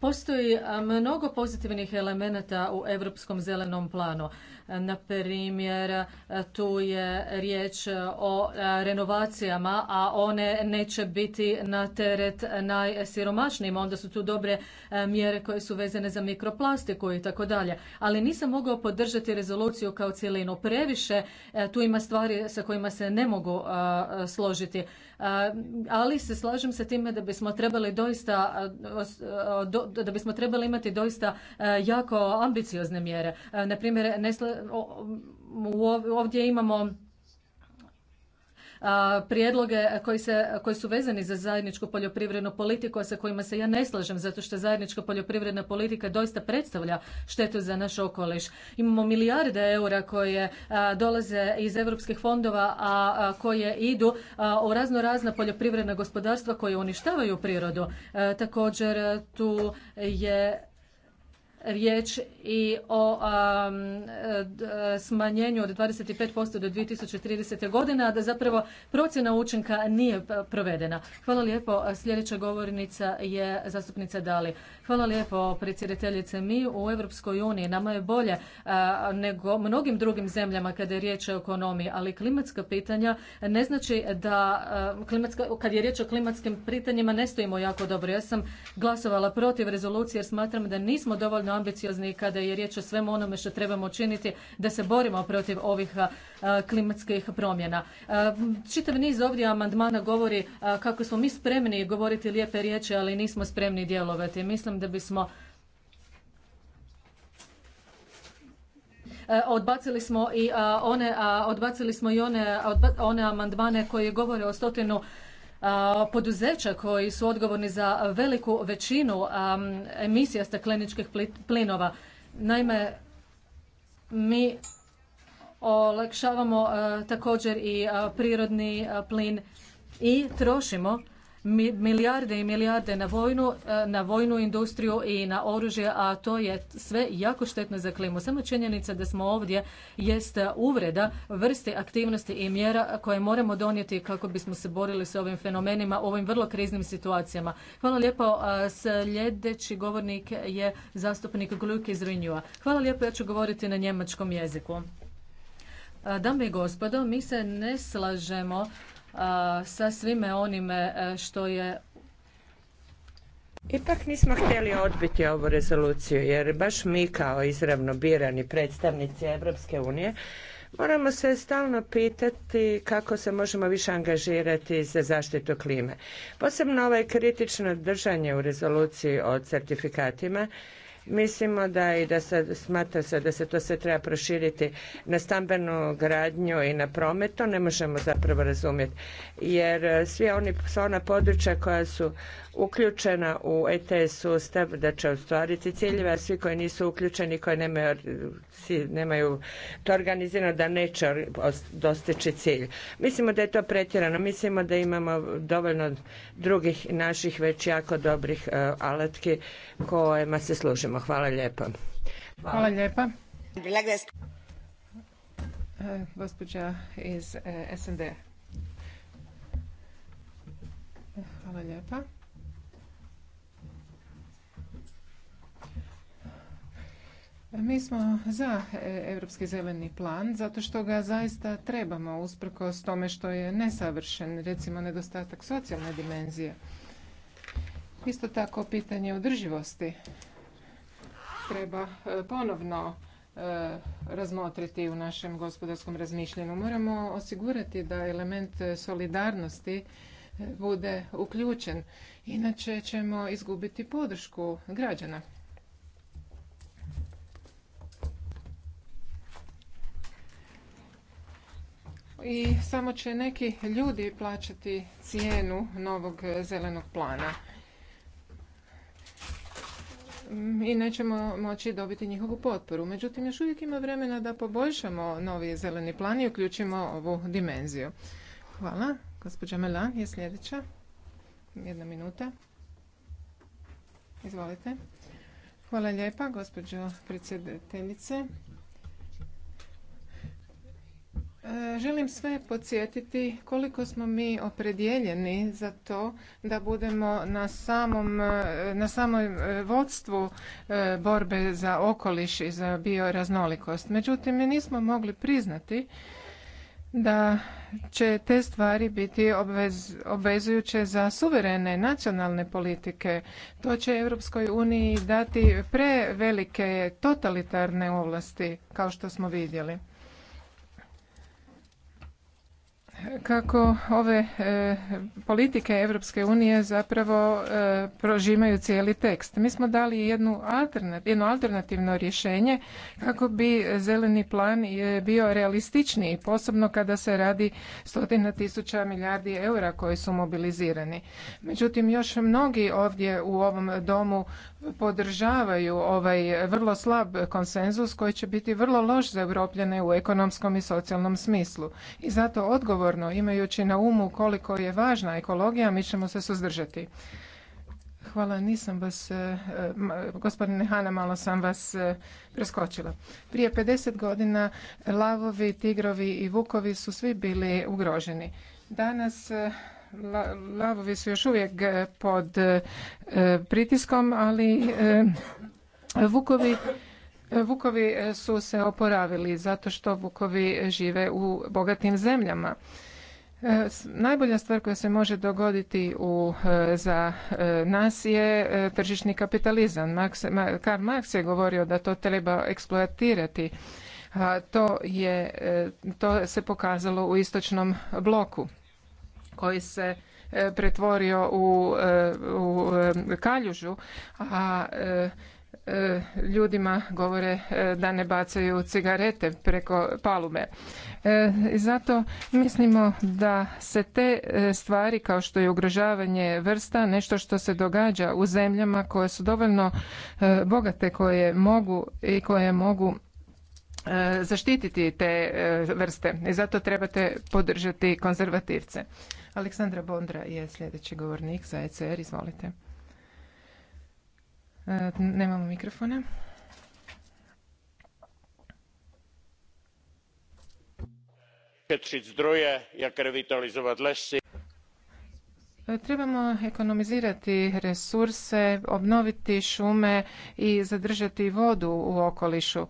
Postoji mnogo pozitivnih elemenata u Europskom zelenom planu. Na primjer, tu je riječ o renovacijama, a one neće biti na teret najsiromašnijima. Onda su tu dobre mjere koje su vezane za mikroplastiku i tako dalje. Ali nisam mogao podržati rezoluciju kao cijelinu. Previše tu ima stvari sa kojima se ne mogu složiti. Ali se slažem sa time da bismo trebali doista da bismo trebali imati doista jako ambiciozne mjere. Naprimjer, ne ovdje imamo prijedloge koji, se, koji su vezani za zajedničku poljoprivrednu politiku, a sa kojima se ja ne slažem, zato što zajednička poljoprivredna politika doista predstavlja štetu za naš okoliš. Imamo milijarde eura koje dolaze iz europskih fondova, a, koje idu a, u razno razna poljoprivredna gospodarstva koje uništavaju prirodu. Također tu je riječ i o smanjenju od 25% do 2030. godine, a da zapravo procjena učinka nije provedena. Hvala lijepo. Sljedeća govornica je zastupnica Dali. Hvala lijepo, predsjedateljice. Mi u Europskoj uniji nama je bolje nego mnogim drugim zemljama kada je riječ o ekonomiji, ali klimatska pitanja ne znači da klimatska, kad je riječ o klimatskim pitanjima ne stojimo jako dobro. Ja sam glasovala protiv rezolucije jer smatram da nismo dovoljno ambiciozni ambiciozni kada je riječ o svemu onome što trebamo učiniti da se borimo protiv ovih klimatskih promjena. Čitav niz ovdje amandmana govori kako smo mi spremni govoriti lijepe riječi, ali nismo spremni djelovati. Mislim da bismo odbacili smo i one, odbacili smo i one, one amandmane koji govore o stotinu poduzeća koji su odgovorni za veliku većinu emisija stakleničkih plinova. Naime, mi olakšavamo također i prirodni plin i trošimo milijarde i milijarde na vojnu, e, na vojnu industriju i na oružje, a to je sve jako štetno za klimu. Samo činjenica da smo ovdje jest uvreda vrste aktivnosti i mjera koje moramo donijeti kako bismo se borili s ovim fenomenima u ovim vrlo kriznim situacijama. Hvala lijepo. Sljedeći govornik je zastupnik Gluk iz Rinjua. Hvala lijepo, ja ću govoriti na njemačkom jeziku. Dame i gospodo, mi se ne slažemo sa svime onime e, što je Ipak nismo htjeli odbiti ovu rezoluciju jer baš mi kao izravno birani predstavnici Europske unije moramo se stalno pitati kako se možemo više angažirati za zaštitu klime. Posebno ovaj kritično držanje u rezoluciji o certifikatima Mislimo da i da se smatra se da se to sve treba proširiti na stambenu gradnju i na promet, to ne možemo zapravo razumjeti. Jer eh, svi oni, sva ona područja koja su uključena u ETS sustav da će ostvariti ciljeve, a svi koji nisu uključeni, koji nemaju, nemaju to organizirano da neće dostići cilj. Mislimo da je to pretjerano, mislimo da imamo dovoljno drugih naših već jako dobrih uh, alatki kojima se služimo. Hvala lijepo. Hvala, e, e, Hvala lijepa. iz SND. Hvala lijepa. Mi smo za e, Europski zeleni plan zato što ga zaista trebamo usprkos tome što je nesavršen, recimo nedostatak socijalne dimenzije. Isto tako pitanje održivosti treba e, ponovno e, razmotriti u našem gospodarskom razmišljanju. Moramo osigurati da element solidarnosti bude uključen, inače ćemo izgubiti podršku građana. i samo će neki ljudi plaćati cijenu novog zelenog plana. I nećemo moći dobiti njihovu potporu. Međutim, još uvijek ima vremena da poboljšamo novi zeleni plan i uključimo ovu dimenziju. Hvala. Gospođa Melan je sljedeća. Jedna minuta. Izvolite. Hvala lijepa, gospođo predsjedateljice. Želim sve podsjetiti koliko smo mi opredijeljeni za to da budemo na samom, na samom e, vodstvu e, borbe za okoliš i za bioraznolikost. Međutim, mi nismo mogli priznati da će te stvari biti obvezujuće za suverene nacionalne politike. To će Europskoj uniji dati prevelike totalitarne ovlasti, kao što smo vidjeli. kako ove e, politike Europske unije zapravo e, prožimaju cijeli tekst. Mi smo dali jednu jedno alternativno rješenje kako bi zeleni plan bio realističniji, posebno kada se radi stotina tisuća milijardi eura koji su mobilizirani. Međutim, još mnogi ovdje u ovom domu podržavaju ovaj vrlo slab konsenzus koji će biti vrlo loš za Europljane u ekonomskom i socijalnom smislu. I zato odgovorno, imajući na umu koliko je važna ekologija, mi ćemo se suzdržati. Hvala, nisam vas, e, gospodine Hana, malo sam vas e, preskočila. Prije 50 godina lavovi, tigrovi i vukovi su svi bili ugroženi. Danas e, lavovi su još uvijek eh, pod eh, pritiskom, ali eh, vukovi Vukovi su se oporavili zato što vukovi žive u bogatim zemljama. Najbolja stvar koja se može dogoditi u, za nas je tržišni kapitalizam. Marx, Karl Marx je govorio da to treba eksploatirati. to, je, to se pokazalo u istočnom bloku koji se e, pretvorio u, e, e, kaljužu, a ljudima govore da ne bacaju cigarete preko palume. I zato mislimo da se te stvari kao što je ugrožavanje vrsta nešto što se događa u zemljama koje su dovoljno bogate koje mogu i koje mogu zaštititi te vrste. I zato trebate podržati konzervativce. Aleksandra Bondra je sljedeći govornik za ECR. Izvolite. E, nemamo mikrofona. zdroje, e, Trebamo ekonomizirati resurse, obnoviti šume i zadržati vodu u okolišu.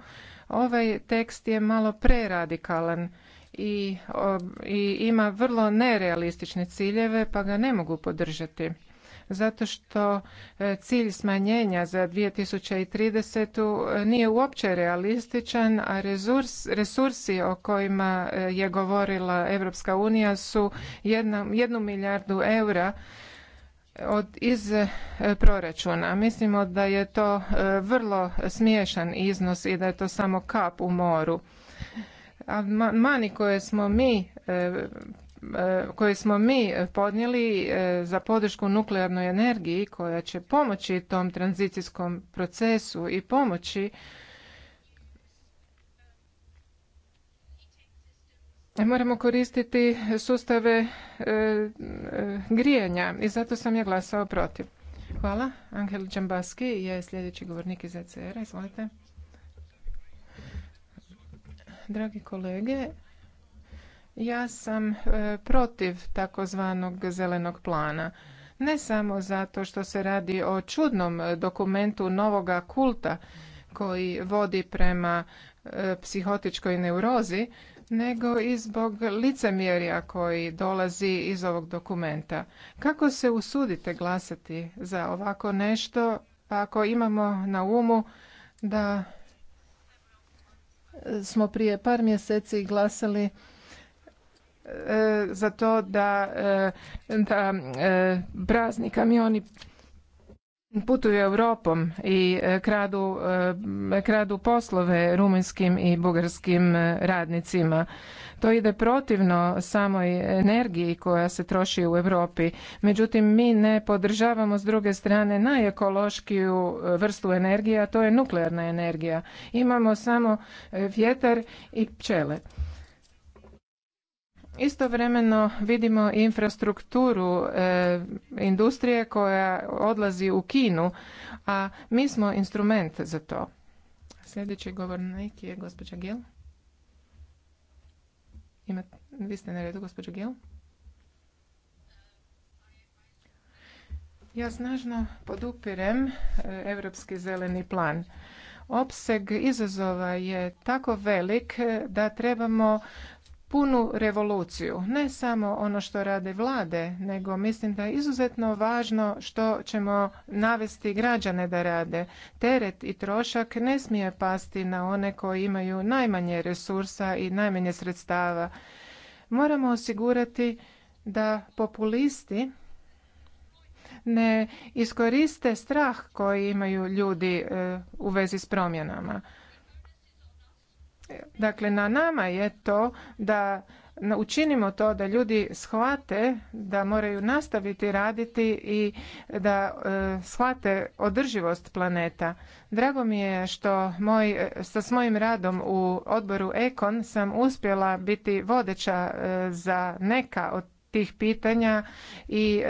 Ovaj tekst je malo preradikalan i, i ima vrlo nerealistične ciljeve pa ga ne mogu podržati zato što e, cilj smanjenja za 2030. E, nije uopće realističan, a resurs, resursi o kojima e, je govorila Europska unija su jedna, jednu milijardu eura od, iz proračuna. Mislimo da je to vrlo smiješan iznos i da je to samo kap u moru. Amandmani koje smo mi e, e, koje smo mi podnijeli e, za podršku nuklearnoj energiji koja će pomoći tom tranzicijskom procesu i pomoći moramo koristiti sustave grijanja i zato sam ja glasao protiv. Hvala. Angel Džambaski je sljedeći govornik iz ECR-a. Izvolite dragi kolege. Ja sam e, protiv takozvanog zelenog plana. Ne samo zato što se radi o čudnom e, dokumentu novoga kulta koji vodi prema e, psihotičkoj neurozi, nego i zbog licemjerja koji dolazi iz ovog dokumenta. Kako se usudite glasati za ovako nešto, pa ako imamo na umu da smo prije par mjeseci glasali e, za to da, e, da e, prazni kamioni putuju Europom i kradu, kradu poslove rumunjskim i bugarskim radnicima. To ide protivno samoj energiji koja se troši u Europi. Međutim, mi ne podržavamo s druge strane najekološkiju vrstu energije, a to je nuklearna energija. Imamo samo vjetar i pčele. Istovremeno vidimo infrastrukturu e, industrije koja odlazi u Kinu, a mi smo instrument za to. Sljedeći govornik je gospođa vi ste na redu, gospođo Gil. Ja snažno podupirem Europski zeleni plan. Opseg izazova je tako velik e, da trebamo punu revoluciju. Ne samo ono što rade vlade, nego mislim da je izuzetno važno što ćemo navesti građane da rade. Teret i trošak ne smije pasti na one koji imaju najmanje resursa i najmanje sredstava. Moramo osigurati da populisti ne iskoriste strah koji imaju ljudi e, u vezi s promjenama. Dakle, na nama je to da učinimo to da ljudi shvate da moraju nastaviti raditi i da e, shvate održivost planeta. Drago mi je što moj, sa e, svojim radom u odboru Ekon sam uspjela biti vodeća e, za neka od tih pitanja i,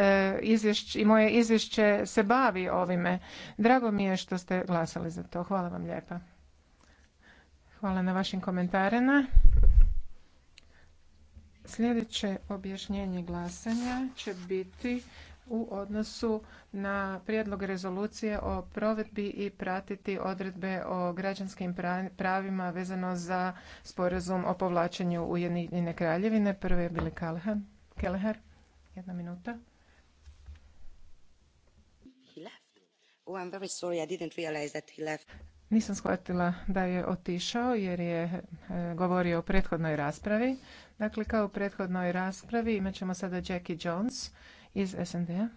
i moje izvješće se bavi ovime. Drago mi je što ste glasali za to. Hvala vam lijepa. Hvala na vašim komentarima. Sljedeće objašnjenje glasanja će biti u odnosu na prijedlog rezolucije o provedbi i pratiti odredbe o građanskim pravima vezano za sporazum o povlačenju Ujedinjene kraljevine. Prvo je Bili Kelleher. Jedna minuta. Nisam shvatila da je otišao jer je e, govorio o prethodnoj raspravi. Dakle, kao u prethodnoj raspravi imat ćemo sada Jackie Jones iz SND-a.